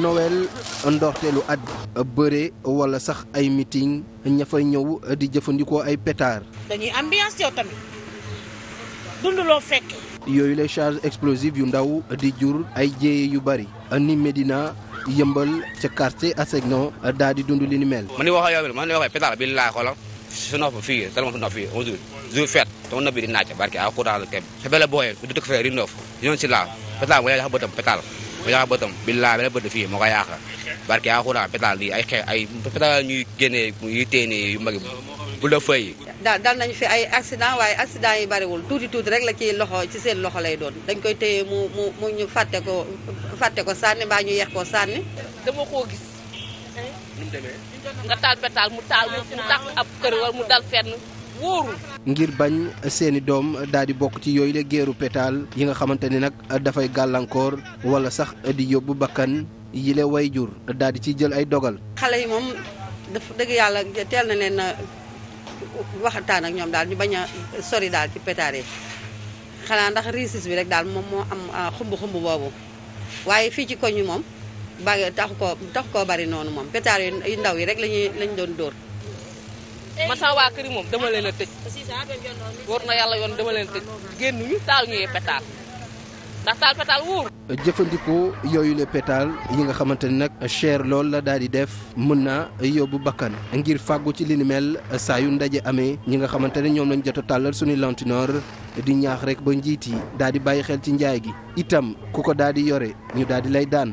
Noël ndorteelu at bëre wala sax ay meeting ña fay ñëw di jëfandikoo ay pétard. dañuy ambiance yow tamit dund loo fekkee. yooyu les charges explosives yu ndaw di jur ay jéeye yu bari ni Medina yëmbal ca quartier Assegno daa di dund li ni mel. man ni wax ak yow man ni wax ak bi laa xoolal su nopp fii tellement su nopp fii on jour jour te nopp bi di naaj barke à courant la képp. xëy booyee du dëkk fee rinoof yoon si laa pétard nga yaay mu yàq bëtam billaa benn bët fii moo ko yàq barke yaa xuraan pétale yi ay xeex ay pétale ñuy génnee yu téenee yu mag bu la fay daal daal nañu fi ay accident waaye accident yi bariwul tuuti tuuti rek la ci loxo ci seen loxo lay doon dañ koy téye mu mu mu ñu fàtte ko fàtte ko sànni mbaa ñu yeex koo sànni dama koo gis nga taal pétale mu taal mu tàkk ab kër wóoru ngir bañ seeni doom daal di bokk ci yooyu la géeru pétaal yi nga xamante ni nag dafay gàllankoor wala sax di yóbbu bakkan yi la way jur daal di ci jël ay dogal. xale yi moom dafa dëgg yàlla teel na leen waxtaan ak ñoom daal ñu bañ a sori daal ci pétaal yi xanaa ndax réussite bi rek daal moom moo am ah, xumb xumb boobu waaye fii ci koñ moom bari taxu ko tax koo bari noonu moom pétaal yu ndaw yi rek lañuy lañ doon dóor. man sama waa kër moom dama a tëj wóor na yàlla yoon dama a tëj génnuñu taal ñuy pétaal ndax taal pétaal wóor jëfandikoo yooyu le yi nga xamante ni nag cher lool la daal di def mën naa yóbbu bakkan ngir fàggu ci li ni saa yu ndaje amee ñi nga xamante ne ñoom lañ jot a tàllal suñu lantinoor di ñaax rek ba njiit yi daal di bàyyi xel ci njaay gi itam ku ko daal di yore ñu daal lay daan